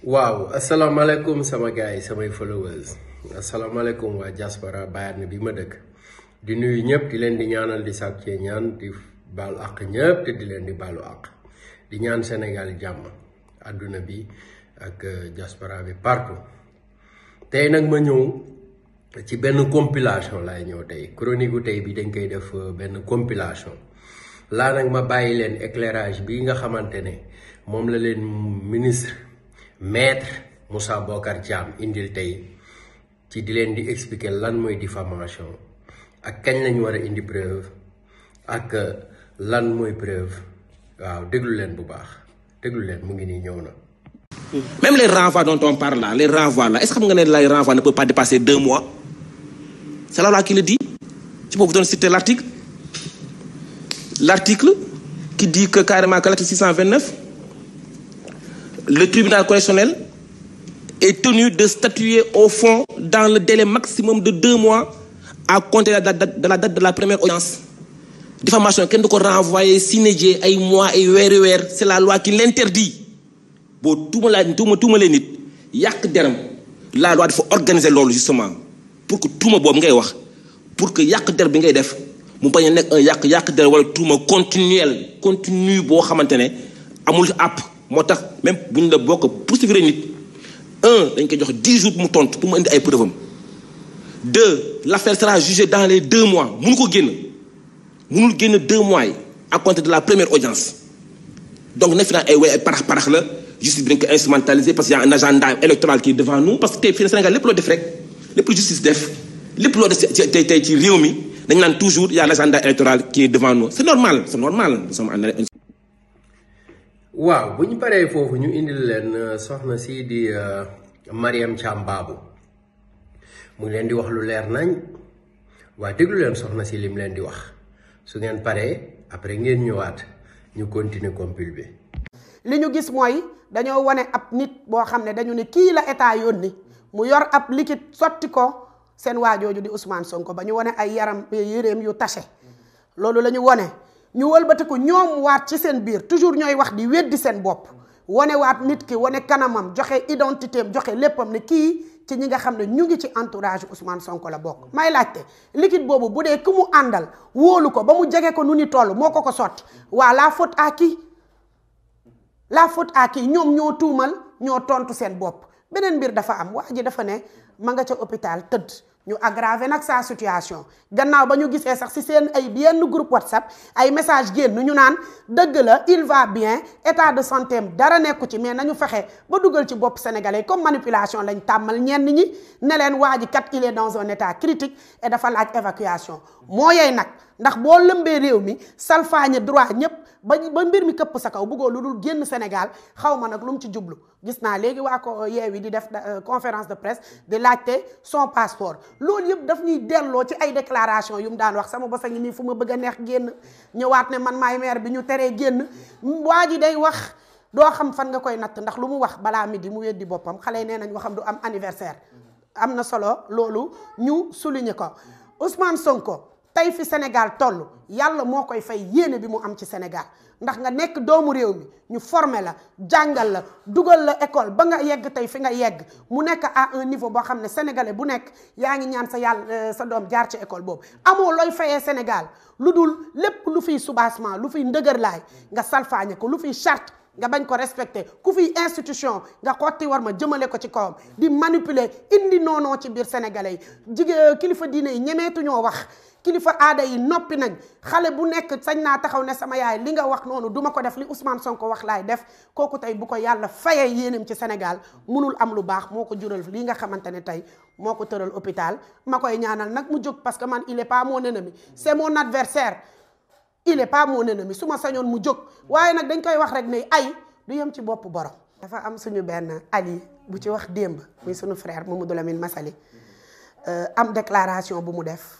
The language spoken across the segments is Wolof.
Wow, assalamualaikum sama guys, sama followers Assalamualaikum wa jaspara bayar nabi madak. di nuyu nyep di lendi di di sàkk nyan di bal ak nyep di di lendi di ak. di nyan senegal jàmm adu nabi ak eh, jaspara bi parko. tey nag ma ñëw ci benn compilation laay ñëw tey chronique gu bi dañ koy def benn compilation La nag ma bayi len éclairage bi nga mom la len ministre maître Moussa Bokar Diam indil tay ci di len di expliquer lan moy diffamation ak kagn lañ wara indi preuve ak lan moy preuve waaw deglu len bu baax deglu len mu ngi ni ñëw na. Même les renvois dont on parle là, les renvois là, est-ce que vous savez que les renvois ne peut pas dépasser deux mois C'est là, là qui le dit. tu peux vous donner citer l'article. L'article qui dit que carrément que l'article 629 le tribunal correctionnel est tenu de statuer au fond dans le délai maximum de deux mois à compter de la date de la, date de la première audience. Diffamation, quelqu'un doit renvoyer, signer, ay mois, c'est la loi qui l'interdit. Bon, tout le monde est yak deram la loi faut organiser l'ordre, justement pour que tout boobu ngay wax pour que yak der bi ngay def mu bañ nek un yak yak der wala continuel continue bo xamantene amul app motax même une ñu la bokk poursuivre nit un dañ ko jox dix jours mu pour mu andi ay deux l'affaire sera jugée dans les deux mois mënu ko guen guen deux mois à compter de la première audience donc na fi ay way ay parax parax la justice dañ ko instrumentaliser parce qu'il y a un agenda électoral qui est devant nous parce que les Sénégal lepp lo def rek lepp justice def lepp lo def ci tey ci réew mi dañ toujours y a un agenda électoral qui est devant nous c'est normal c'est normal Wow, bu ñu paree foofu ñu indil leen euh, soxna si di euh, Mariam Thiam mu ngi leen di wax lu leer nañ waaye déglu leen soxna si lim leen di wax su ngeen paree après ngeen ñëwaat ñu continuer compil bi li ñu gis mooy dañoo wane ab nit boo xam ne dañu ne kii la état yónni mu yor ab liquide sotti ko seen waajooju di Ousmane Sonko ba ñu wane ay yaram yéreem yu tase loolu la ñu wane ñu walbatiku ñoom waat ci seen biir toujours ñooy wax di weddi seen bopp wane waat nit ki wane kanamam joxe identité joxe léppam ne kii ci ñi nga xam ne ñu ngi ci entourage Ousmane Sonko la bokk. may laajte liquide boobu bu dee ku mu àndal wóolu ko ba mu jege ko nu ni toll moo ko ko sotti waa laa faute à laa foot aki ñoom ñoo tuumal ñoo tontu seen bopp beneen mbir dafa am waa ji dafa ne ma nga ca hôpital tëdd. Nous aggravons sa situation gannaaw ba ñu sax ci groupe whatsapp ay message de ñu naan il va bien état de santé mais sénégalais comme manipulation il est dans un état critique et dafa laaj évacuation ndax boo lëmbee réew mi salfaañe droit ñëpp ba ba mbir mi këpp sa kaw bëggoo lu dul génn Sénégal xaw ma nag lu mu ci jublu gis naa léegi waa ko euh, yi di def euh, conférence de presse di laajte son passeport loolu yëpp daf ñuy delloo ci ay déclaration yu mu daan wax sama basa ngi nii fu ma bëgg a neex génn ñëwaat ne man maay maire bi ñu teree génn waa ji day wax doo xam fan nga koy natt ndax lu mu wax balaa midi mu di boppam xale yi nee nañ waxam du am anniversaire am na solo loolu ñu souligner ko Ousmane Sonko tay fi Sénégal toll yalla mo koy fay yene bi mu am ci Sénégal ndax nga nek doomu réew mi ñu former la jangal la la école ba nga yegg tay fi nga yegg mu à un niveau bo xam ne sénégalais bu nek yaangi ñaan sa yalla euh, sa doom jaar ci école bob. Amo loy fayé Sénégal ludul lufi lu fi lufi lu fiy lay nga salfaañe ko lu fi charte nga bañ ko respecté ku fi institution nga xoti war ma jëmele ko ci kawam di manipuler indi nono ci bir sénégalais jige kilifa diine ñoo wax kilifa aada yi noppi nañ xale bu nekk sañ naa taxaw ne sama yaay li nga wax noonu duma ko def li Ousmane ko wax laay def kooku tey bu ko yàlla fayee yéenam ci Sénégal munul am lu baax moo ko jural li nga xamante ne tey moo ko tëral hôpital ma koy ñaanal nag mu jóg parce que man il est pas mon ennemi c'est mon adversaire il est pas mon ennemi su ma sañoon mu jóg waaye nag dañ koy wax rek ne ay du yem ci bopp borom. dafa am suñu benn Ali bu ci wax démb muy suñu frère Mamadou Lamine Massaly euh, am déclaration bu mu def.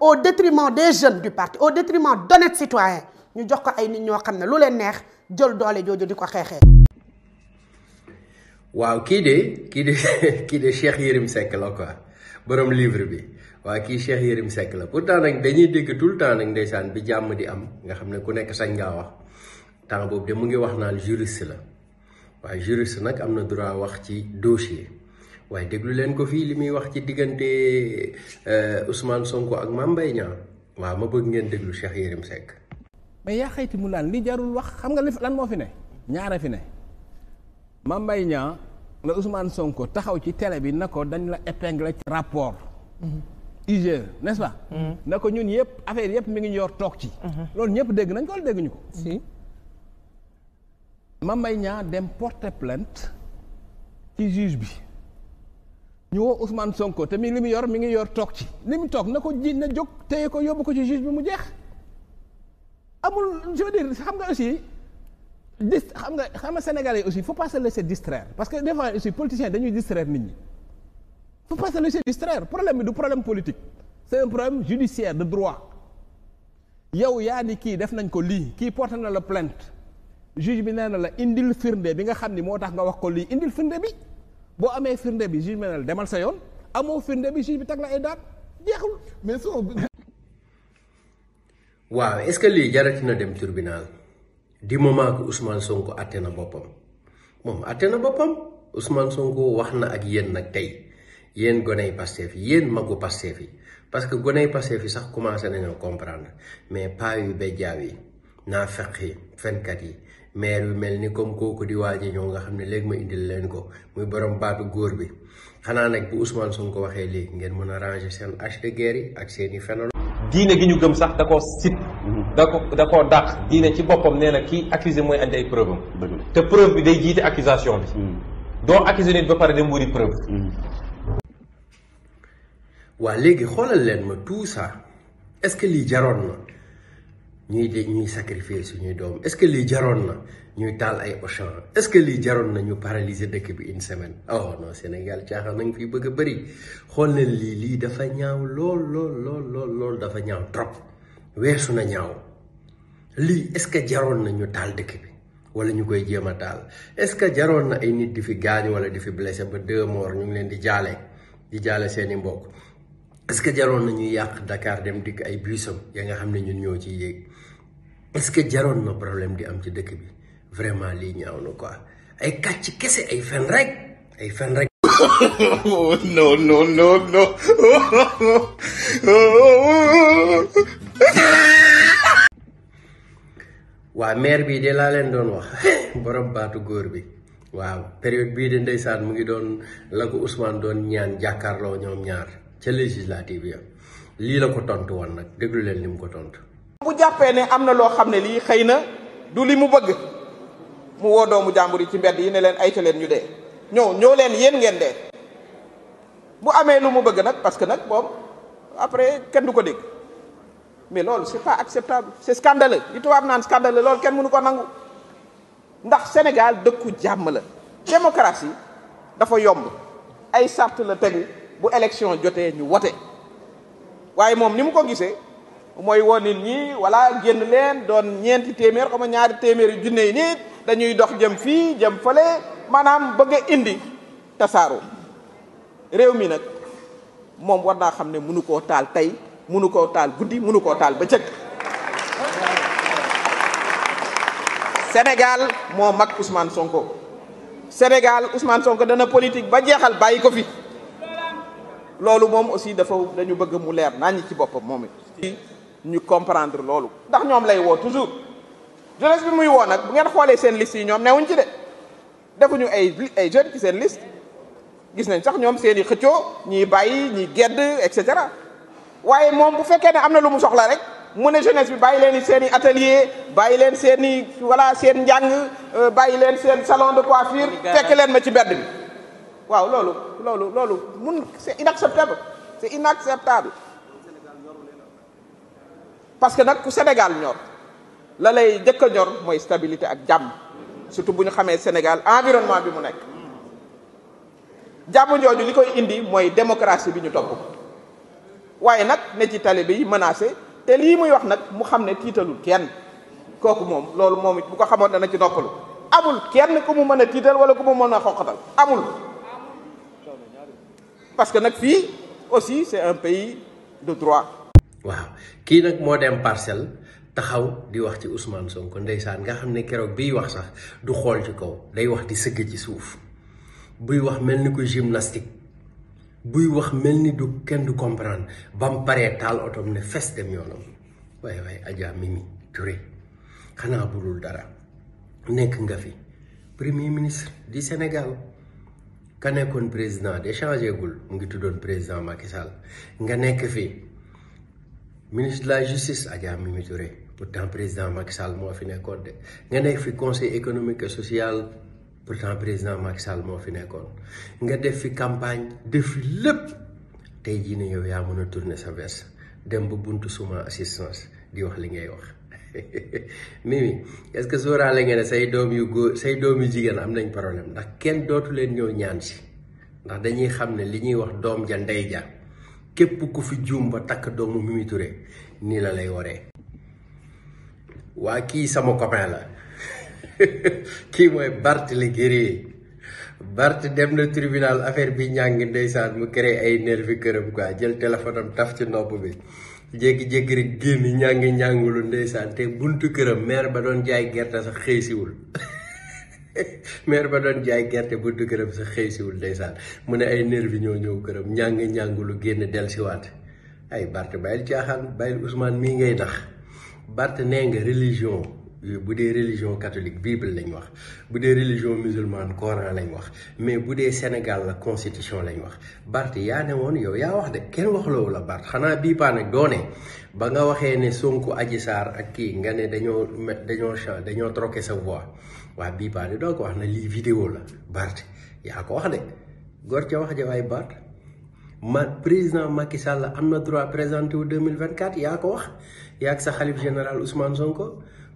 au détriment des jeunes du parti au détriment d'honnêtes citoyens Nous jox ko ay nit ñoo lu neex jël doole de qui de de Cheikh Sek la quoi borom livre bi waaw qui Cheikh Yerim Seck pourtant dañuy dégg tout le temps nak bi di am nga ku nekk sañ wax de mu ngi wax juriste la juriste nak amna droit dossier. waye deglu len ko fi limi wax ci euh Ousmane Sonko ak Mame Mbaye Niang waaw ma bëgg ngeen deglu Cheikh Yérim Seck. mais ya xeyti mu lan li jarul wax xam nga lan mo fi ne ñaara fi ne Mame Mbaye Niang la Ousmane Sonko taxaw ci télé bi nako dañ la épingle ci rapport. Mhm. IGE n'est-ce pas. Mhm. na ko ñun yépp affaire yépp mi ngi ñor tok ci. Mhm. lool ñepp dégg nañ ko wala ko. si Mame Mbaye Niang dem porter plainte ci juge bi. ñu woo Ousmane Sonko te mi li mu yor mi ngi yor toog ci li mu toog na ko ji na jóg téye ko yóbbu ko ci juge bi mu jeex amul je veux dire xam nga aussi dis xam nga xam nga sénégalais aussi faut pas se laisser distraire parce que des fois aussi politiciens dañuy distraire nit ñi faut pas se laisser distraire problème bi du problème politique c'est un problème judiciaire de droit yow yaa ni kii def nañ ko lii kii porté na la plainte juge bi nee la indil firnde bi nga xam ni moo tax nga wax ko lii indil firnde bi boo amee firnde bi juge menel demal sa yoon amoo firnde bi juge bi teg la ay daan jeexul mais soo waaw est-ce que lii jaratina dem tribunal du moment que Ousmane Sonko àtte na boppam moom àtte na boppam Ousmane Sonko wax na ak yéen nag tey yéen goney Pastef fi yéen magu Pastef yi parce que goney Pastef yi sax commencé nañoo comprendre mais pas yu bejjaaw yi naafeq yi fenkat yi maire yu mel ni comme kooku di waaji ñoo nga xam ne léegi ma indil leen ko muy borom baatu góor bi xanaa nag bu Ousmane ko waxee léegi ngeen mën a ranger seen hache de guerre ak seen i fenal diine gi ñu gëm sax da koo sit mhm. da ko da koo dàq diine ci boppam nee na kii accusé mooy andi ay preuve am te preuve bi day jiite accusation bi mhm. doo accusé nit ba pare dem wuri preuve mhm. waa léegi xoolal leen ma tout ça est-ce que lii jaroon na ñuy de ñuy sacrifier suñuy doom est que lii jaroon na ñuy taal ay Auchan est-ce que lii jaroon na ñu paralyser dëkk bi une semaine oh non Sénégal caaxaan nañ fi bëgg a bëri xool leen lii lii dafa ñaaw lool lool lool lool dafa ñaaw trop weesu na ñaaw lii est-ce que jaroon na ñu taal dëkk bi wala ñu koy jéem a taal est-ce que jaroon na ay nit di fi gaañu wala di fi blessé ba deux morts ñu ngi leen di jaale di jaale seeni mbokk est-ce que jaroon na ñu yàq dakaar dem dikk ay buisam ya nga xam ne ñun ñoo ciy yéeg. parce que no problème di am ci dëkk bi vraiment li ñaaw no quoi ay katch kese ay fen rek ay fen rek no no no no wa mère bi de la leen doon wax borom baatu góor bi waaw période bi de ndeysaan mu ngi doon la ko Ousmane doon ñaan jakarlo ñom ñaar ci législative ya li la ko tontu won nak deglu leen lim ko tontu jàppee ne am na loo xam ne lii xëy na du li mu bëgg mu woo doomu jàmbur yi ci mbedd yi ne leen ayta leen ñu dee ñëw ñëw leen yéen ngeen dee bu amee lu mu bëgg nag parce que nag boobu après kenn du ko dégg mais loolu c'est pas acceptable c'est scandaleux li tubaab naan scandaleux loolu kenn mënu ko nangu ndax Sénégal dëkku jàmm la démocratie dafa yomb ay sart la tegu bu élection jotee ñu wote waaye moom ni mu ko gisee moy woo nit ñi wala genn leen doon ñeenti téeméer xama ñaari téeméeri junne yi nit dañuy dox jëm fi jëm fële manam bëgg indi tasaru réew mi nak mom war na xamné mënu ko taal tay mënu ko taal guddii mënu ko taal bëcëk sénégal mo mak ousmane sonko sénégal ousmane sonko dana politique ba jéxal bayiko fi lolu mom aussi dafa dañu bëgg mu leer nañ ci bopam momit ni comprendre loolu ndax ñoom lay toujours jeunesse bi muy woo nag bu ngeen xoolee seen liste yi ñoom newuñ ci de defuñu ay ay jeunes ci seen liste gis nañ sax gedd waaye bu ne lu mu atelier voilà euh, seen salon de coiffure leen c'est inacceptable c'est inacceptable parce que nak ku Sénégal ñor la lay njëkk ñor moy stabilité ak jàmm surtout bu xamé Sénégal environnement bi mu nekk jàmm jooju likoy indi moy démocratie bi ñu topp waye nak ne ci talibé yi menacé té li muy wax nak mu xamné titalul tiitalul kenn kooku moom loolu moom bu ko xamone dana ci noppalu amul kenn ku mu mën a wala ku mu mën a amul parce que nak fi aussi c'est un pays de droit waaw kii nag moo dem parcelle taxaw di wax ci Ousmane Sonko ndeysaan nga xam ne keroog biy wax sax du xool ci kaw day wax di sëgg ci suuf buy wax mel ni ko gymnastique buy wax mel ni du kenn du comprendre ba mu paree taal ne fes dem yoonam Adja Mimi Touré xanaa budul dara nekk nga fi premier ministre du Sénégal ka nekkoon président de changé gul mu ngi tuddoon président Macky Sall nga nekk fii ministre de la justice Adja Mimi Touré pourtant président Macky Sall fina fi nekkoon de nga nekk fi conseil économique et social pourtant président Macky Sall moo fi nekkoon nga def fi campagne def fi lépp tey jii ne yow ya mën sa vers, dem bu buntu suma assistance di wax li ngay wax Mimi est-ce que la ngay ne say dom yu go, say dom yu jigen am nañ problème ndax kenn dotu len ñoo ñaan ci. ndax dañuy xam li ñuy wax dom ja ndey ja képp ku fi juum ba takk doomu Mimi Touré nii la lay waree waa kii sama copain la kii mooy Barthélémy Guéri Bart dem na tribinal affaire bi ñàng ndeysaan mu créé ay nervi këram quoi jël téléphone taf ci nopp bi jékki-jékki rek génn ñàngi ñàngulu ndeysaan te buntu këram maire ba doon jaay gerte sax xëy meer ba doon jaay gerte bu gërëm sa xëy siwul ndeysaan mu ne ay nervi ñoo ñëw gërëm ñàng ñàng lu génn dellusiwaat ay Bart bàyyil caaxaan bàyyil Ousmane mii ngay tax Bart nee nga religion bude religion catholique bible lañ wax bu religion musulmane coran lañ wax mais bu Sénégal la constitution lañ wax Bart ya né won yow ya wax de wax lo la Bart xana bii né nag doone ba nga waxé né Sonko aji sar ak ki nga ne dañoo dañoo dañoo troquer sa voix wa bii paa ni ko wax na li vidéo la Bart ya ko wax de gor ca wax ja waay Bart ma président Macky Sall amna droit présenté au 2024 ya ko wax ya ak sa xalif général Ousmane Sonko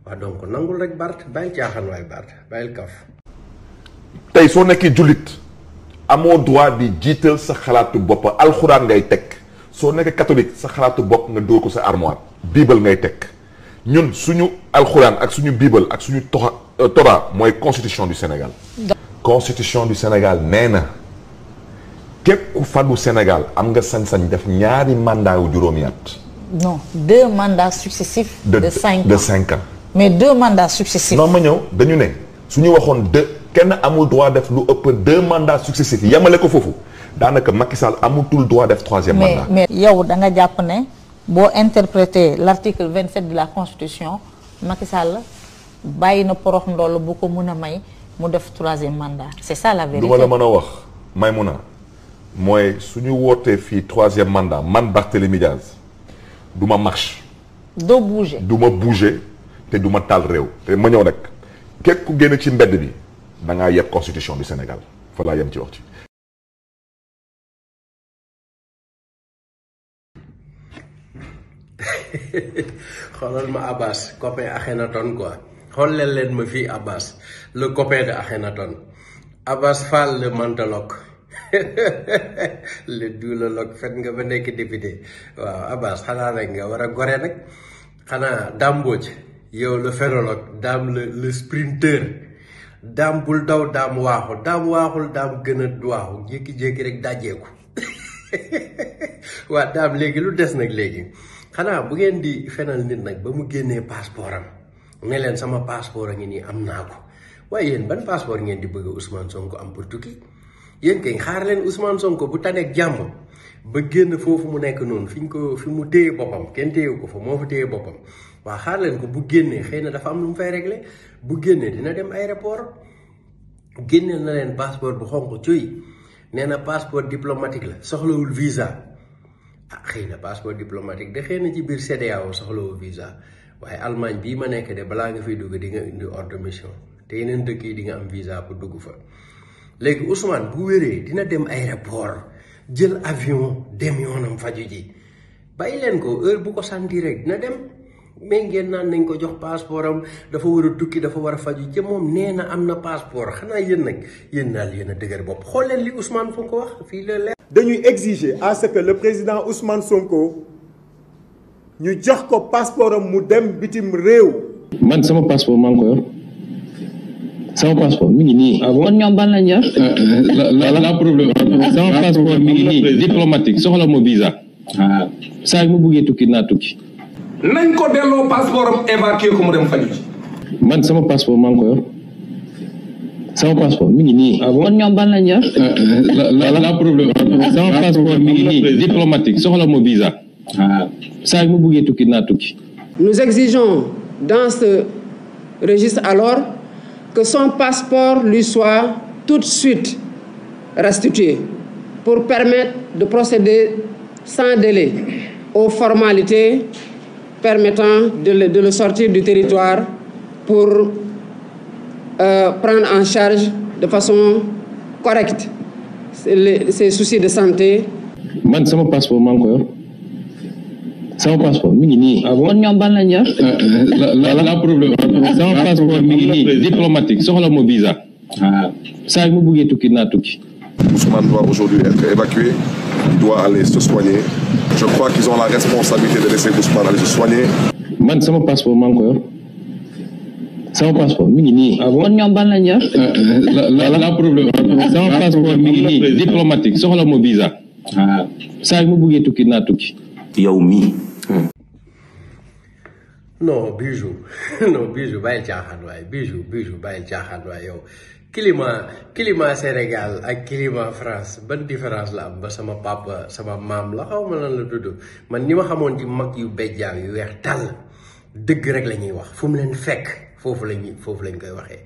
waaw donc nangul rek Bart bay tiaxan way Bart bayel kaf. tay so nekkee jullit amo droit di jiital sa xalaatu bop alcorane ngay tek so nekkee catholique sa xalaatu bopp nga dóor ko sa armoire bible ngay tek ñun suñu alcorane ak suñu bible ak suñu toxa euh, Torah mooy constitution du Sénégal. constitution du Sénégal nee na képp ku falu Sénégal am nga sañ-sañ def ñaari mandat wu juróomi at. non deux mandats successifs. de de cinq ans de cinq ans mais deux mandats successifs. non ma ñëw dañu ne su ñu waxoon deux kenn amul droit def lu deux mandats successifs yemale ko le que Macky Sall le droit def troisième mandat. mais mais yow da nga jàpp ne interpréter l'article 27 de la constitution Macky Sall bàyyi no porox ndol bu ko mun may mu def troisième mandat C'est ça la vérité. lu la mën wax may mun a mooy su troisième mandat man Barthélémy Diaz ma marche. Do bouger duma ma bouger. te duma tal rew réew te ma ñew nak képp ku génn ci mbedd bi da nga yeb constitution du Sénégal fa la yam ci wax ci xolal ma Abbas copain Akhenaton quoi xolal len ma fi Abbas le copain de Akhenaton Abbas Fall le mandalok le lok fet nga ba nek député waaw Abbas xala rek nga wara goré nak xana dambo ci yow le ferolog dam le le sprinter dam bul daw dam waxu dam waxul dam gëna a waaxu jékki-jékki rek dajeeku wa dam legi, lu dess nak léegi xana bu ngeen di fenal nit nak ba mu génnee passeportam ne sama passeport ngi ni am naa ko ban passeport ngeen di bëgg Ousmane Sonko am pour tukki yeen kay xaar len Ousmane Sonko bu ak jamm ba génn fofu mu nekk non fiñ ko fi mu téyé bopam kën téyé ko fa mo fa téyé bopam waa xaar ko bu génné xeyna na dafa am lu fay réglé bu génné dina dem aéroport génné na len passeport bu xonko cuy néna na passeport diplomatique la soxlawul visa ah xëy na passeport diplomatique de xeyna na ci biir CEDEAO soxlawul visa waye Allemagne bi ma nek de bala nga fiy dugg di nga indi ordre de mission té yenen dëkk yi di nga am visa pour dugg fa légui Ousmane bu wéré dina dem aéroport jël avion dem yonam faju ji bàyyi len ko heure bu ko santi rek na dem mais ngeen naan nañ ko jox passeport am dafa war a tukki dafa war a faju ci moom nee na am na xanaa yéen nag yéen yéen a dëgër bopp xool leen li Ousmane Sonko wax fii la leer. dañuy exiger à ce que le président Ousmane Sonko ñu jox ko passeport mu dem bitim réew. man sama passeport maa ngi ko yor ngi nii. ah bon kon ñoom ban lañ euh, euh, la la problème sama passeport mi ngi nii diplomatique soxla mo visa. waaw ah. saa yu ma bëggee tukki naa tukki. nañ ko delloo passeport évacué ko mu dem faju man sama passeport maa ko yor sama passeport mi ngi nii. ah bon ban euh, euh, la la problème sama passeport mi ni. diplomatique soxla mo visa. ah saa yu ma bëggee tukki naa nous exigeons dans ce registre alors que son passeport lui soit tout de suite restitué pour permettre de procéder sans délai aux formalités permettant de le, de le sortir du territoire pour euh, prendre en charge de façon correcte ces soucis de santé. man ça passeport passe pour ko yor sama passeport mi ngi nii. Ah kon ñoom ban lañ yor. Euh, la la problème Sans passeport mi ngi nii diplomatique soxla mo visa. waaw ah. saa yu ma bëggee n'a naa tukki. Ousmane doit aujourd'hui être évacué qui doit aller se soigner. Je crois qu'ils ont la responsabilité de laisser Ousmane aller se soigner. Man, sama passeport maa ngi ko yor sama passeport mi ngi nii. ah bon kon euh, euh, la la problème Ça passeport passe ngi nii diplomatique soxla mo visa. Ah. Ça, saa me ma tout tukki n'a tukki. yow mi? non bijou non bijou Bail caaxaan bijou bijou bail caaxaan yo. yow. kilima kilima Senegal ak kilima France ban différence la ba sama papa sama mam. la xaw ma lan la dudd man ni ma xamoon di mag yu bejjaaw yu weex tal dëgg rek la wax fu mu leen la lañ koy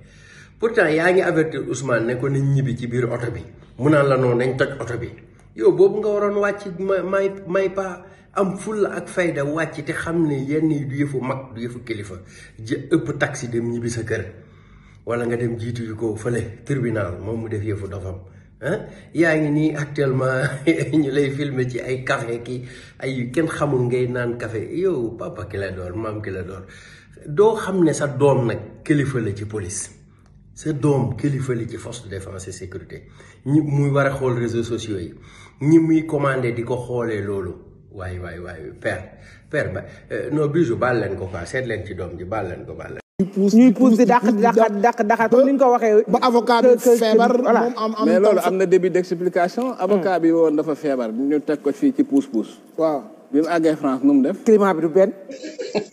pourtant ya ngi avertir Ousmane ne ko ni ñibbi ci biir oto bi mu naan la noonu nañ toj oto bi yow boobu nga waroon wàcc may may pa am fulla ak fayda wàcc te xam ne yenn du yëfu mag du je kilifa jë taxi dem ñibbi sa kër wala nga dem jiitu yu ko fële tribunal moom mu def yëfu dofam ah yaa ngi nii actuellement ñu lay filmer ci ay café ki ay kenn xamul ngay naan kafe yow papa ki la door maam ki la door doo xam ne sa doom nag kilifa la ci police sa doom kilifa la ci force de défense sécurité ñi muy war a xool réseaux sociaux yi ñi muy commandé di ko xoolee loolu waaye waaye waaye père père ba euh, non bijou baal leen ko quoi seet leen ci doom ji baal leen ko baal leen di pousse ñuy pousse di dàq di dàq dàq dàq comme ni nga ko waxee. ba avocat bi feebar moom am am. mais loolu am na début d' explication. Hmm. avocat bi woon dafa feebar ñu teg ko fii ci pousse pousse. waaw bi mu France nu mu def. climat bi du benn.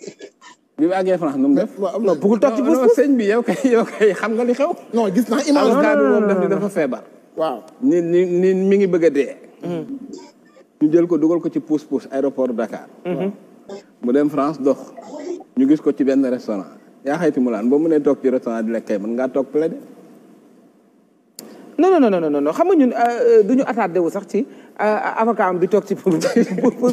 bi mu France nu mu def. waaw non bëggul toog ci pousse pousse sëñ bi yow kay yow kay xam nga li xew. non gis naa image avocat bi moom daf ni dafa feebar. waaw ni ni ni mi ngi bëgg a dee. Hmm. ñu jël ko dugal ko ci pousse pousse aéroport Dakar. Hmm. mu dem France dox ñu gis ko ci ben restaurant. yaa xayti mulaan boo mënee toog ci restaurant no lekk kay mën xam nga ñun euh, du ñu attardé wu sax ci euh, avocat am bi toog ci pour pour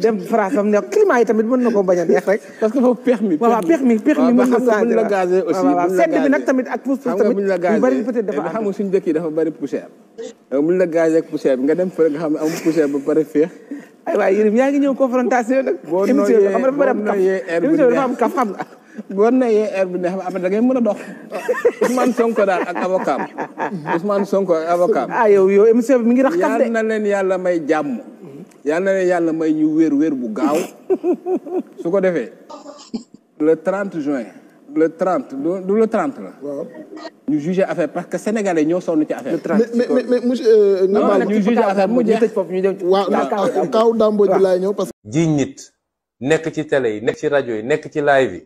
dem France am ne climat yi tamit mën na ko bañ rek. parce que foofu pex mi. waaw mi pex mi mën na changé la gazé aussi sedd bi nag tamit ak pousse pousse tamit ñu bari peut eh, am euh, la gazé poussière bi nga dem fële nga xam ne amul poussière ba pare féex. ay yaa ngi ñëw confrontation nag. boo nooyee boo nooyee am kaf xam boo nayee air bu neex ba après da ngay mën a dox Ousmane Sonko daal ak avocat Ousmane Sonko ak avocat ah yow yow émission bi mi ngi rax kat de yal na leen yàlla may jàmm yal na leen may ñu wér wér bu gaaw su ko defee le 30 juin le 30 du le 30 la. waaw ñu jugé affaire parce que sénégalais ñoo sonn ci affaire. le 30 mais mais mais monsieur. Euh, ñu jugé mu jeex ñu dem ci waaw kaw Dame Mbodj laay ñëw parce que. ji nit nekk ci télé yi nekk ci rajo yi nekk ci live yi.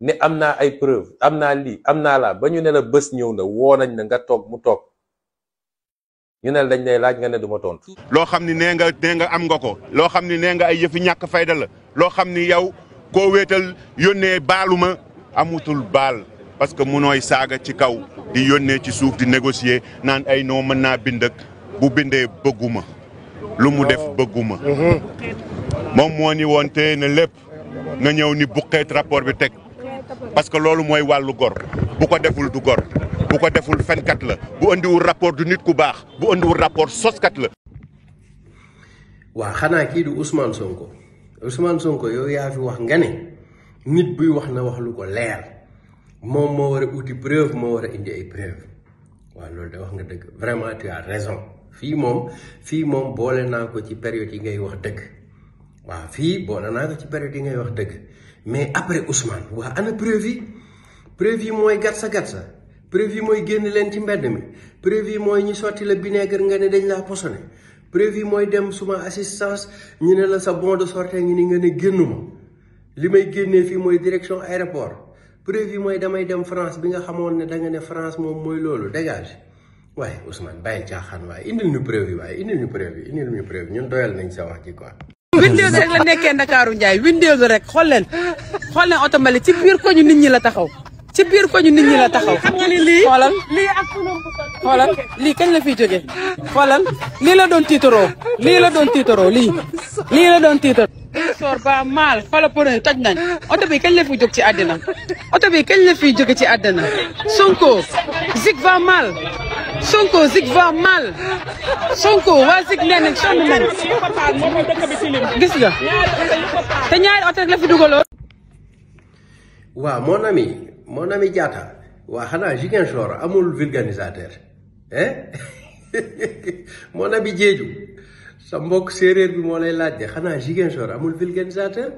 ne am naa ay preuve am naa lii am naa laa ba ñu ne la bës ñëw na woo nañ na nga toog mu toog ñu ne dañ lay laaj nga ne du ma tontu. loo xam ni nee nga nee am nga ko loo xam ni nee nga ay yëfi ñàkk fayda la loo xam ne yow koo wéetal yónnee baalu ma amutul baal parce que munooy saaga ci kaw di yónnee ci suuf di négocier naan ay noo mën naa bind bu bindee bëgguma lu mu def bëgguma mhm. moom moo ni woon na lépp nga ñëw ni buqeet rapport bi teg. parce que lolu moy walu gor bu ko deful du gor bu ko deful fenkat la bu andiwul rapport du nit ku bax bu andiwul rapport soskat la. wa xana ki du Ousmane Sonko Ousmane Sonko yo ya fi wax ngane nit buy wax na wax lu ko leer mom mo wara outil uti preuve mo wara indi ay preuve wa lolu de wax nga deug vraiment tu as raison fi mom fi mom bolé nako ci période yi ngay wax deug wa fi bolé nako ci période yi ngay wax deug mais après Ousmane waa ana preuve yi preuve yi mooy gatsa gatsa preuve yi mooy génn leen ci mbedd mi preuve mooy ñu sotti la vinaigre nga ne dañ laa posone preuve yi mooy dem suma assistance ñu ne la sa bon de sortie ñu ni nga ne génnuma li may génnee fii mooy direction aéroport preuve yi mooy damay dem France bi nga xamoon ne da nga ne France moom mooy loolu dégage waaye Ousmane bàyyi caaxaan waaye indil ñu preuve yi waaye ñu preuve yi indil ñu preuve ñun doyal nañ sa wax ji quoi Windows rek la nekkee Ndakaaru Ndiaye Windows rek xool leen xool leen oto mbali ci biir koñu nit ñi la taxaw ci biir koñu nit ñi la taxaw xam nga ni lii xoolal xoolal lii kañ la fiy jóge xoolal lii la doon tiitaroo lii la doon tiitaroo lii lii la doon tiitaroo Ziguinchor ba Maal Falapore toj nañ oto bi kañ la fi ci àddina bi kañ la fi jóge ci àddina Sonko Zig va Maal Sonko Zig va Maal Sonko waa Zig nee nañ sonn gis nga te ñaari oto la fi dugaloo. waaw mon ami mon ami Diatta waa xanaa Ziguinchor amul vulcanisateur eh mon ami Diédhiou sa mbokk séeréer bi moo lay laaj laajte xanaa Ziguinchor amul vulcanisateur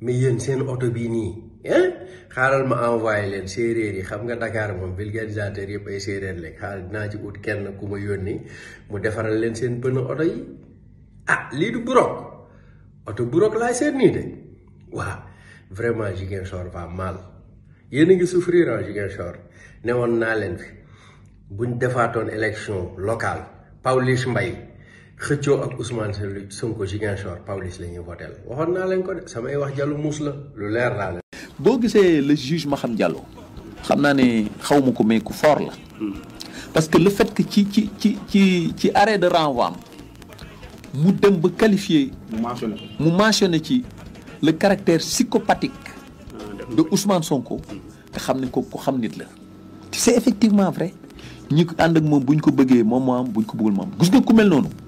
mi yéen seen oto bii nii hein xaaral ma envoyé leen séeréer yi xam nga Dakar moom vulcanisateur yëpp ay séeréer lañ xaaral dinaa ci ut kenn ku ma yónni mu defaral leen seen pneu oto yi ah lii du burok oto burok laay seet nii de waaw vraiment Ziguinchor va mal yéen a ngi souffrir ah, en ne newoon naa leen fi buñ defaatoon élection locale Pawlish mbay xëccoo ak Ousmane Sonko Ziguinchor Pawlish la ñuy voteel waxoon naa leen ko de samay wax Diallo Mousla lu leer naa leen. boo gisee le juge Maham Diallo xam naa ne xaw ko mais ku fort la. parce que le fait que ci ci ci ci ci arrêt de renvoi mu dem ba qualifier. mu mentionné mu mentionné ci le caractère psychopathique. de Ousmane Sonko. te xam ne ko ku xam nit la. c'est effectivement vrai ñi ko ànd ak moom bu ñu ko bëggee moom moo am bu ñu ko bëggul moom gis nga ku mel noonu.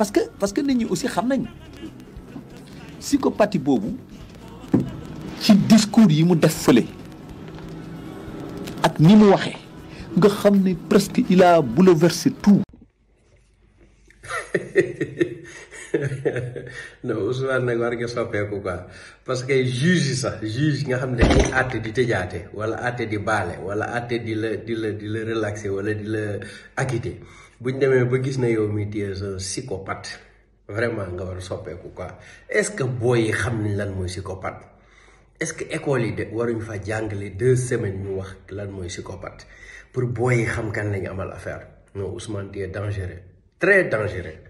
parce que parce que nit aussi xam nañ psychopathie boobu ci discours yi mu def fële ak ni mu waxee nga xamné presque il a bouleversé tout non Ousmane nag war nga soppeeku quoi parce que juge yi sax juge nga xam ne dañuy àtte di tëjaate wala àtte di baale wala àtte di la di la di la wala di la acquitter buñ demee ba gis na yow mi tu es un psychopathe vraiment nga war a soppeeku quoi est-ce que booy xam nañ lan mooy psychopathe est-ce que école yi de waruñ fa jàngale deux semaines ñu wax lan mooy psychopathe pour booy yi xam kan nañu amal affaire noo Ousmane tu es dangereux très dangereux.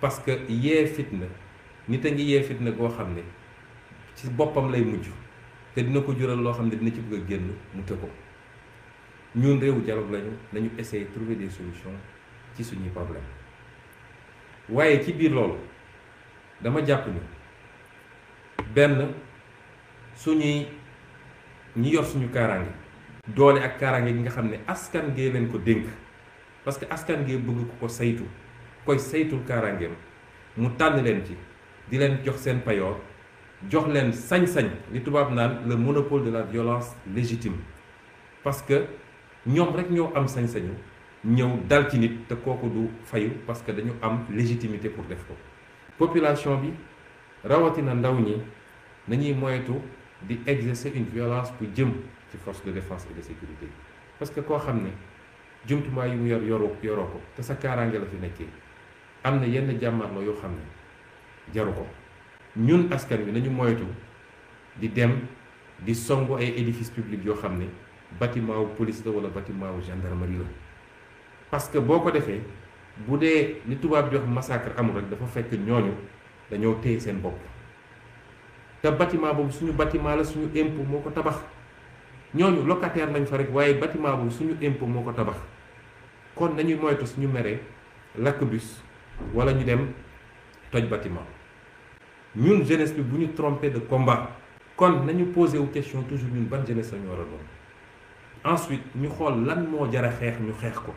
parce que yee fitna nit a ngi yee fitna goo xam ne ci boppam lay mujj te dina ko jural loo xam ne dina ci bëgg a génn mu të ko ñun réewu dialogue lañu nañu essayer trouver des solutions ci suñuy problème waaye ci biir loolu dama jàpp ni benn suñuy ñi yor suñu kaaraange doole ak kaaraange gi nga xam ne askan gee leen ko dénk parce que askan gee bëgg ko ko saytu koy saytul kaaraangeem mu tan len ci di len jox sen payoor jox len sañ-sañ li tubab naan le monopole de la violence légitime parce que ñom rek ñoo am sañ-sañu ñew dal ci nit te kooku du fayu parce que dañu am légitimité pour def ko population bi rawatina ndaw ñi nañuy moytu di exercer une violence bu jëm ci force de défense et de sécurité parce que ko xamne jumtu ma yu mu yor yoroo yoroo te sa kaaraange la fi nekké am na yenn jàmmarloo yoo xam ne jaru ko ñun askan wi nañu moyetu di dem di songu ay édifices publics yoo xam ne bâtiment wu police la wala bâtiment wu gendarmerie la parce que boo ko defee bu dee li tubaab di wax massacre amul rek dafa fekk ñooñu dañoo téye seen bopp te bâtiment boobu suñu bâtiment la suñu impôt moo ko tabax ñooñu locataire nañ fa rek waaye bâtiment boobu suñu impo moo ko tabax kon nañuy moytu suñu meree lakk bus wala ñu dem toj bâtiment ñun jeunesse bi bu ñu trompé de combat kon nañu poser wu question toujours ñun ban jeunesse la ñu war a doon ensuite ñu xool lan moo jar a xeex ñu xeex ko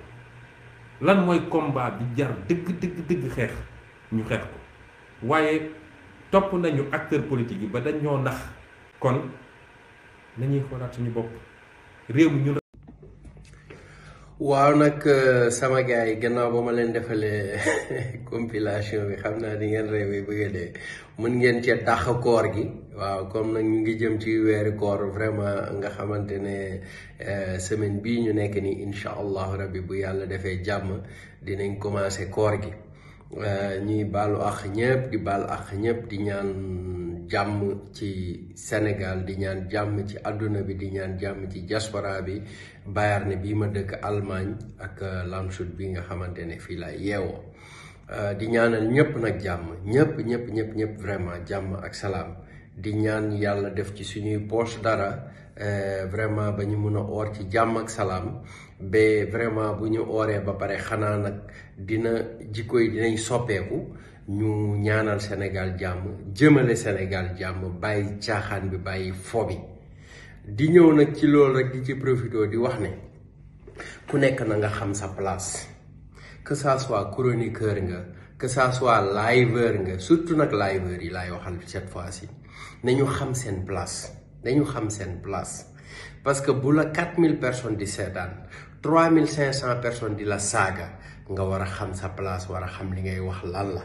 lan mooy combat bi jar dëgg dëgg dëgg xeex ñu xeex ko waaye topp nañu acteur politique yi ba dañ ñoo nax kon nañuy xoolaat suñu bopp réew mi ñun waaw nag sama gars yi gannaaw ba ma leen defalee compilation bi xam naa di ngeen réew yi bëgga dee mën ngeen cee dàq koor gi waaw comme nag ñu ngi jëm ci weeri koor vraiment nga xamante ne eh, semaine bii ñu nekk nii incha allahu rabbi bu yàlla defee jàmm dinañ commencé koor gi eh, ñuy baalu àq ñëpp di baal àq ñëpp di ñaan jàmm ci Sénégal di ñaan jàmm ci àdduna bi di ñaan jàmm ci diaspora bi Bayern ne bii ma dëkk Allemagne ak euh, Landshut bi nga xamante ne fii laa yeewoo euh, di ñaanal ñëpp nag jàmm ñëpp ñëpp ñëpp ñëpp vraiment jàmm ak salaam di ñaan yàlla def ci suñuy poche dara euh, vraiment ba ñu mun a oor ci jàmm ak salaam ba vraiment bu ñu ooree ba pare xanaa nag dina jikko yi dinañ soppeeku. ñu ñaanal Sénégal jamm jëmele Sénégal jamm bàyyi caaxaan bi bàyyi fo bi di ñëw nak ci lool rek di ci profito di wax ne ku nekk na nga xam sa place que ça soit chroniqueur nga que ça soit liveur nga surtout nak liveur yi lay waxal cette fois ci nañu xam sen place nañu xam sen place parce que bu la 4000 personnes di seetaan 3500 personnes di la saga nga wara xam sa place wara xam li ngay wax lan la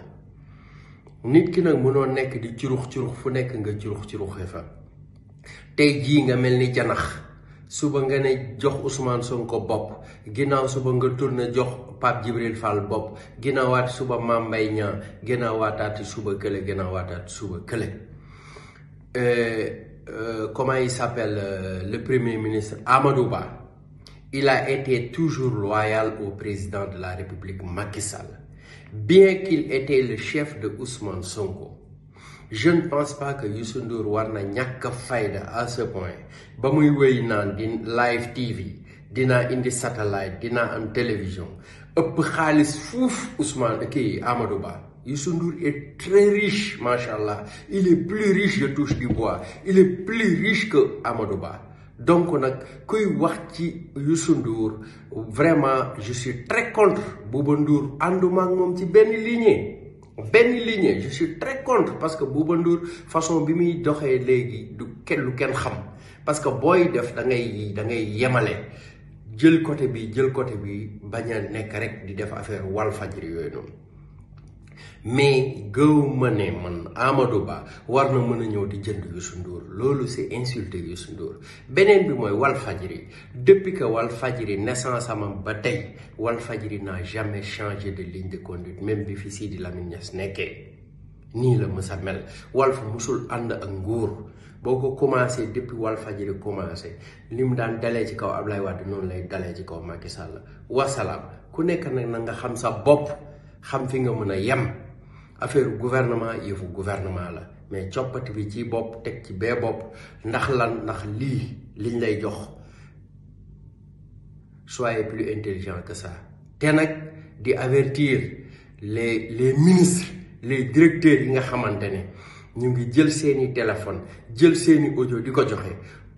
nit ki nak mënoo nekk di curux curux fu nekk nga curux curuxee fa tey jii nga mel ni janax suba nga ne jox Ousmane Sonko bopp ginnaaw suba nga tourné jox Pape jibril Fall bopp ginnaawaati suba Mame Mbaye Niang ginnaawaataati suba kële ginnaawaataati suba kële euh, euh, comment il s'appelle euh, le premier ministre Amadou Ba il a été toujours loyal au président de la République Macky bien qu'il était le chef de Ousmane Sonko je ne pense pas que Youssou Ndour war na ñàkk à ce point ba muy live TV dinaa indi satellite dina am télévision ëpp xaalis fuuf Ousmane Amadouba. Amadou Ndour est très riche mashallah. il est plus riche que touche du bois il est plus riche que Amadou donc nag kuy wax ci Youssou Ndour vraiment je suis très contre Bouba Ndour ànduma moom ci benn lignée benn lignée je suis très contre parce que Bouba Ndour façon bi muy doxee léegi du kenn lu kenn xam parce que booy def da ngay da ngay yemale jël côté bi jël côté bi bañ a nekk rek di def affaire Walfadjri yooyu noonu. mais gëw ma ne man Amadou Ba war na mën a ñëw di jënd Youssou Ndour loolu si insulter Youssou Ndour beneen bi mooy wal Walfadjri depuis que Walfadjri naissance amam ba tey Walfadjri n'a jamais changé de ligne de conduite même bi fi Sidi Lamine Niass nekkee nii la mësa mel Walf musul ànd ak nguur boo ko commencé depuis Walfadjri commencé li mu daan dalee ci kaw ab Ablaye Wade noonu lay dalee ci kaw Macky Sall wasalaam ku nekk nag na nga xam sa bopp xam fi nga mën a yem affaire gouvernement le gouvernement mais chopati bi ci ci soyez plus intelligent que ça té avertir les ministres les directeurs yi nga ñu ngi jël téléphone audio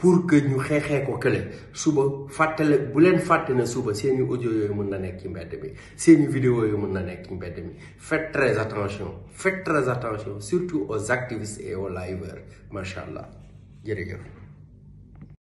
pour que ñu xeexee ko kële suba fàttale bu leen fàtte na suba seeni audio yooyu mën na nekk ci mbedd mi seeni vidéo yooyu mën na nekk mbedd mi faites très attention faites très attention surtout aux activistes et aux liveurs macha allah jërëjëf